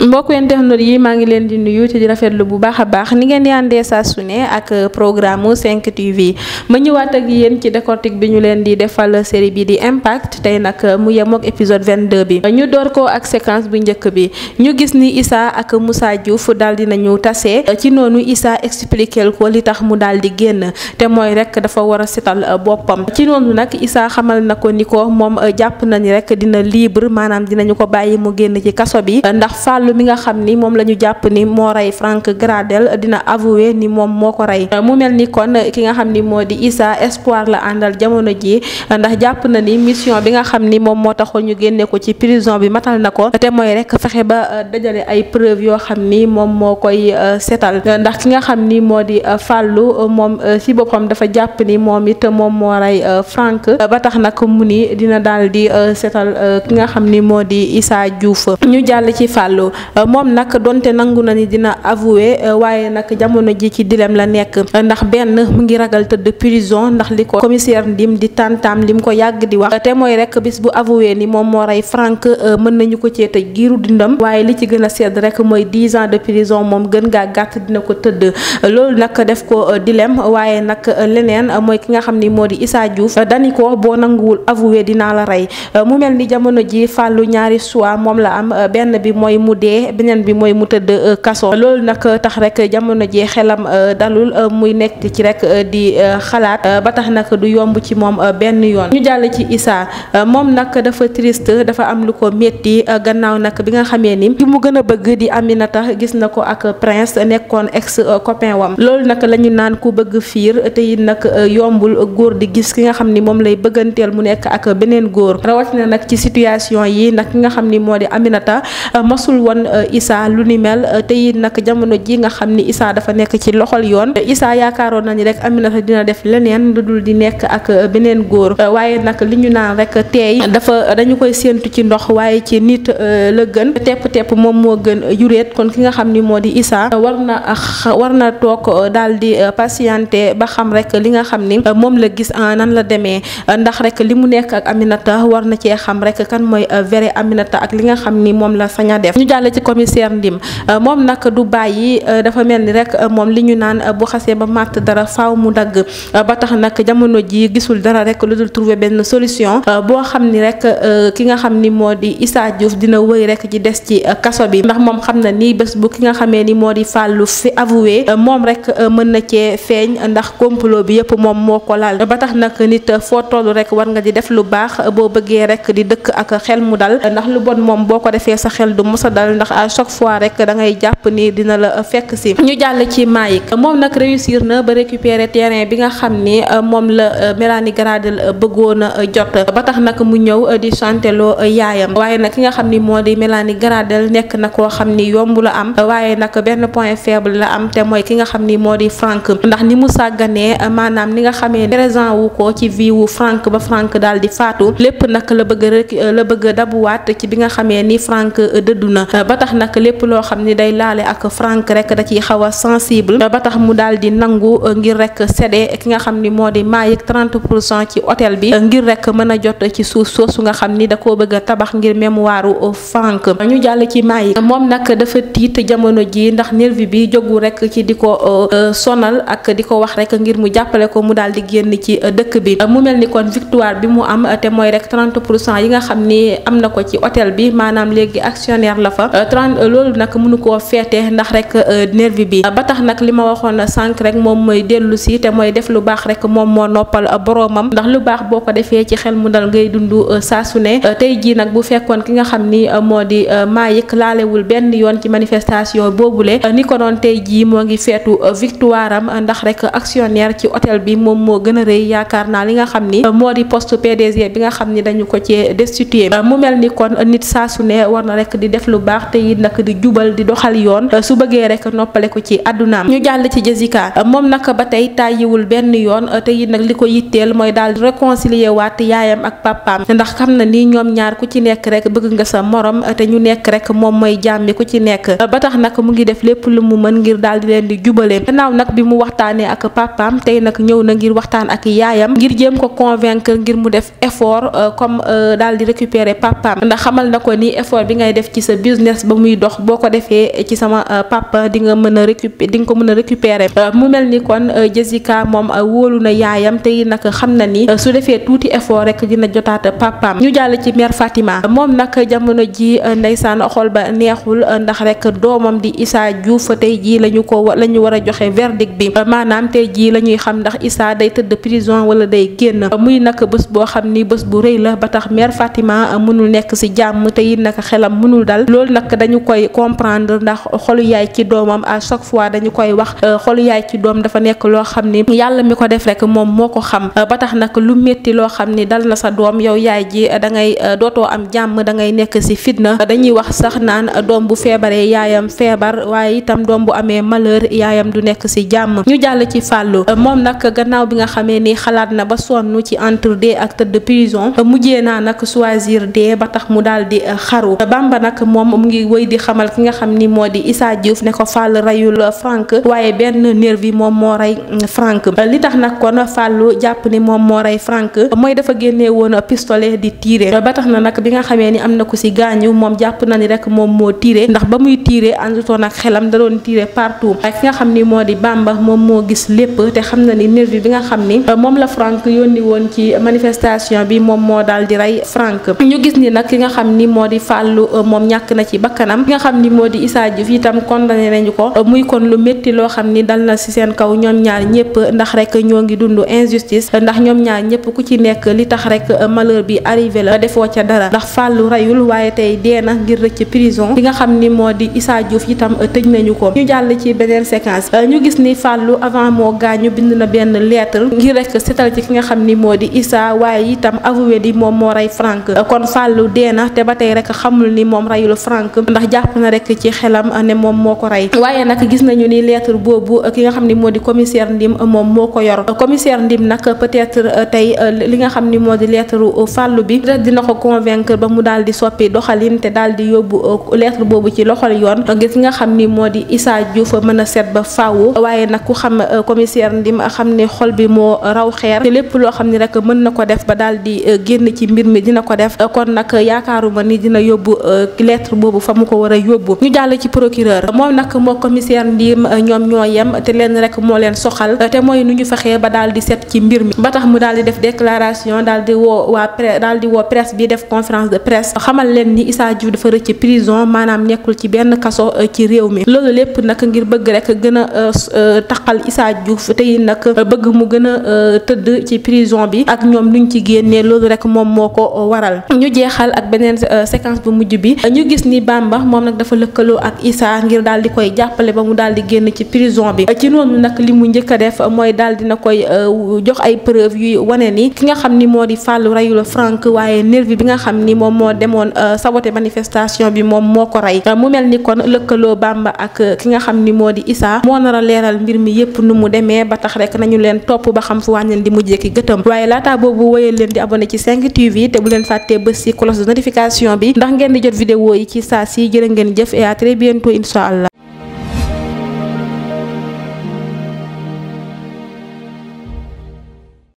mbokk internet yi ma ngi leen di nuyu ci di rafetlu bu baax a baax ni ngeen di ande sa suné ak programme 5 TV ma ñëwaat ak yeen ci décortique bi ñu leen di defal série bi di impact tay nak mu yem ak épisode 22 bi ñu door ko ak séquence bu njëkk bi ñu gis ni Issa ak Moussa Diouf dal di nañu tase ci nonu Issa expliquer ko li tax mu dal di génn té moy rek dafa wara a setal ci nonu nak Issa xamal nako niko mom japp nañ na rek dina libre manam dinañu ko bayyi mu génn ci kasso bi ndax Diallo xam ni moom la ñu jàpp ni moo rey Franck Gradel dina avoué ni moom moo ko rey mu mel ni kon ki nga xam ni moo di Issa Espoir la àndal jamono jii ndax jàpp na ni mission bi nga xam ni moom moo taxoon ñu génne ko ci prison bi matal na ko te mooy rek fexe ba euh, dajale ay preuve yoo xam ni moom moo koy euh, setal ndax ki nga xam ni moo di euh, Fallou moom si boppam dafa jàpp ni moom it moom moo rey Franck ba tax nag mu ni dina daal di setal ki nga xam ni moo di Issa Diouf ñu jàll ci Fallou Euh, moom nag donte nangu na ni dina avoué euh, waaye nag jamono ji ci dilem la nekk ndax benn mu ngi ragal tëdd prison ndax li ko commissaire Ndim di tantam lim ko yàgg di wax te mooy rek bis bu avoué ni moom moo rey Frank euh, mën nañu ko cee tëj giiru waaye li ci gën a sedd rek mooy dix ans de prison moom gën ngaa gàtt dina ko tëdd loolu nag def ko dilem waaye nag leneen mooy ki nga xam ni moo di Issa Diouf dani ko boo nanguwul avoué dinaa la rey mu mel ni jamono ji fàllu ñaari choix moom la am benn bi mooy mu dee benen bi moy mu teud kasso lol nak tax rek jamono je xelam euh, dalul euh, muy nek ci rek euh, di xalat ba tax nak du yomb ci mom ben yoon ñu jall ci isa mom nak dafa triste dafa am lu ko metti gannaaw nak bi nga xamé ni ci mu gëna bëgg di Aminata gis nako ak Prince nekkon ex copain wam lol nak lañu naan ku bëgg fiir te it yombul goor di gis ki nga xamni mom lay bëggantel mu nek ak goor rawat na nak ci situation yi nak nga xamni modi Aminata masul won euh, isa lu ni mel euh, te yi nak jamono ji nga xamni isa dafa nek ci loxol yoon Issa yaakaaroon nañ rek Aminata dina def leneen luddul di nek ak euh, benen goor waye nak liñu naan rek tey dafa dañu koy sentu ci ndox waye ci nit le gën tep tep mom mo gën yureet kon ki nga xamni modi isa di warna war na war patienté ba xam rek li nga xamni mom la gis nan la démé ndax rek limu nek ak Aminata warna na xam rek kan moy vrai Aminata ak li nga xamni mom la saña def jàll ci commissaire euh, moom nag du bàyyi euh, dafa mel ni rek euh, moom li ñu naan bu xasee ba màtt dara faaw mu dagg ba tax nag jamono ji gisul dara rek lu dul trouver benn solution boo xam ni rek ki nga xam ni moo di Issa Diouf dina wëy rek ci des ci kaso bi ndax moom xam na ni bés bu ki nga xamee ni moo di fàllu fi avoué moom rek mën na cee feeñ ndax complot bi yëpp moom moo ko laal batax tax nag nit foo toll rek war nga di def lu baax boo bëggee rek di dëkk ak xel mu dal ndax lu bon moom boo ko defee sa xel du mos a dal ndax à chaque fois rek da ngay jàpp ni dina la fekk si ñu jàll ci Maïk moom nag réussir na ba récupérer terrain bi nga xam ni euh, moom la euh, Mélanie Gradel euh, bëggoon a jot ba tax nag mu ñëw di chanteloo yaayam waaye nag ki nga xam ni moo di Mélanie Gradel nekk na koo xam ni yomb la am waaye nag benn point faible la am te mooy ki nga xam ni moo di Franck ndax ni mu sàgganee maanaam ni nga xame présent wu ko ci vie wu Franck ba Franck daal di faatu lépp nag la bëgg dabuwaat ci bi nga xamee ni Franck dëddu na ba tax nag lépp loo xam ni day laale ak Frank rek da ciy xaw a sensible ba tax mu daal di nangu euh, ngir rek cédé ki nga xam ni moo di maayeg 30 pour cent ci hôtel bi euh, ngir rek mën a jot ci suuf soosu nga xam ni da koo bëgg a tabax ngir mémoire euh, Frank ñu jàll ci maayeg moom nag dafa tiit jamono ji ndax nervi bi jógu rek ci di ko sonal ak di ko wax rek ngir mu jàppale ko mu daal di génn ci dëkk bi mu mel ni kon victoire bi mu am te mooy rek pour cent yi nga xam ni am na ko ci otel bi maanaam léegi actionnaire la fa fa euh, trente euh, loolu nag mënu koo feete ndax rek euh, nervi bi ba tax nag li ma waxoon sànq rek moom mooy dellu si te mooy def lu baax rek moom moo noppal boroomam ndax lu baax boo ko defee ci xel mu dal ngay dund saa su ne tey jii nag bu fekkoon ki nga xam ni moo di Mayik laalewul benn yoon ci manifestation boobule ni ko doon tey jii moo ngi feetu victoire am ndax rek actionnaire ci hôtel bi moom moo gën a rëy yaakaar naa li nga xam ni moo di poste PDG bi nga xam ni dañu ko ci destitué mu mel ni kon nit saa war na rek di def lu baax baax te it nag di jubal di doxal yoon euh, su bëggee rek noppale ko ci àddunaam ñu jàll ci Jessica euh, moom nag ba tey tàyyiwul benn yoon euh, te it nag li ko yitteel mooy daal réconcilier waat yaayam ak papaam ndax xam na ni ñoom ñaar ku ci nekk rek bëgg nga sa morom te ñu nekk rek moom mooy jàmmi ku ci nekk ba tax nag mu ngi def lépp lu mu mën ngir daal di leen di jubale gannaaw nag bi mu waxtaanee ak papaam tey nag ñëw na ngir waxtaan ak yaayam ngir jéem ko convaincre ngir mu def effort comme daal di récupérer papaam ndax xamal na ko ni effort bi ngay def ci sa business business ba muy dox boo ko defee ci sama euh, papa di nga mën a récupérer di nga ko mën a récupérer euh, mu mel ni kon euh, Jessica moom woolu na yaayam tey nag xam na ni su defee tuuti effort rek dina jotaat papaam ñu jàll ci mère Fatima moom nag jamono ji ndeysaan xol ba neexul ndax rek doomam di Issa Diouf tey jii la ñu ko la ñu war a joxe verdict bi maanaam tey jii la ñuy xam ndax Issa day tëdd prison wala day génn muy nag bés boo xam ni bës bu rëy la ba tax mère Fatima mënul nekk si jàmm tey nag xelam nag dañu koy comprendre ndax xolu yaay ci doomam à fois dañu koy wax euh, xolu yaay ci doom dafa nekk loo xam ni yàlla mi ko def rek moom moo ko xam euh, ba tax nag lu métti loo xam ni dal na sa doom yow yaay ji euh, dangay dootoo am jàmm da ngay nekk ci fitna dañuy wax sax naan doom bu feebaree yaayam feebar waaye itam doom bu amee malheur yaayam du nekk ci jàmm ñu jàll ci fàllu moom nag gannaaw bi nga xamee ni xalaat na ba sonn ci entre de ak tëdd prison mujjee naa nag soisir dee ba tax mu daal di xaru mu ngi wëy di xamal ki nga xam ni moo di Issa ne ko Fall rayul Frank waaye benn nervi moom moo rey Frank li tax nag kon Fallu jàpp ni moom moo rey Frank mooy dafa génnee woon pistolet di tiire ba tax na nag bi nga xamee ni am na ko ci gaañu moom jàpp na ni rek moom moo tiire ndax ba muy tiire àndutoon ak xelam daloon doon tiire partout ak ki nga xam ni moo di Bamba moom moo gis lépp te xam na ni nervi bi nga xam ni moom la Frank yónni woon ci manifestation bi moom moo daal di rey na ci bakkanam ki nga xam ni moo di Issa Diouf itam condamné nañu ko muy kon lu métti loo xam ni dal na si seen kaw ñoom ñaar ñëpp ndax rek ñoo ngi dund injustice ndax ñoom ñaar ñëpp ku ci nekk li tax rek malheur bi arrivé la defoo ca dara ndax fàllu rayul waaye tey dee na ngir rëcc prison ki nga xam ni moo di Issa Diouf itam tëj nañu ko ñu jàll ci beneen séquence ñu gis ni fàllu avant moo gaañu bind na benn lettre ngir rek setal ki nga xam ni moo di Issa waaye itam avoué di moom moo rey Frank kon fàllu dee na te ba tey rek xamul Frank ndax jàpp na rek ci xelam ne moom moo ko rey waaye nag gis nañu ni lettre boobu ki xam ni moo di commissaire Ndim moom moo ko yor commissaire Ndim nag peut-être euh, tey euh, li nga xam ni moo di lettre fàllu bi dina ko convaincre ba mu daal soppi doxalin te daal yóbbu euh, lettre boobu ci loxol yoon gis nga xam ni moo di Issa fa mën a seet ba faaw waaye nag ku xam commissaire Ndim xam ni xol bi moo raw xeer te lépp loo xam ni rek mën na ko def ba daal di génn ci mbir mi dina ko def kon nag yaakaaruma ni dina yóbbu lettre boobu fa mu ko war a yóbbu ñu jàll ci procureur moom nag moo commissaire Ndim euh, ñoom ñoo yem te leen rek moo leen soxal euh, te mooy nu ñu fexee ba daal di set ci mbir mi ba tax mu daal di def déclaration daal di woo waa presse daal di woo presse bi def conférence de presse xamal leen ni Issa Diouf dafa rëcc prison maanaam nekkul ci benn kaso euh, ci réew mi loolu lépp nag ngir bëgg rek gën a taqal Issa Diouf tey nag bëgg mu gën a tëdd ci prison bi ak ñoom ñu ci génnee loolu rek moom moo ko waral ñu jeexal ak beneen séquence bu mujj bi ñu gis ni Bamba moom nag dafa lëkkaloo ak Issa ngir daal di koy jàppale ba mu daal di génn ci prison bi ci noonu nag li mu njëkk def mooy daal dina koy euh, jox ay preuve yuy wane ni ki nga xam ni moo di Fallou reyula Franck waaye nervi bi nga xam ni moom moo demoon euh, saboté manifestation bi moom moo ko rey mu mel ni kon lëkkaloo Bamba ak ki nga xam ni moo di Issa moo nar a leeral mbir mi yépp nu mu demee ba tax rekk nañu leen topp ba xam fu wàññi leen di mu ki gëtëm waaye laata boobu wëyal leen di abonné ci ci saa si jërë ngeen jëf et à incha allah.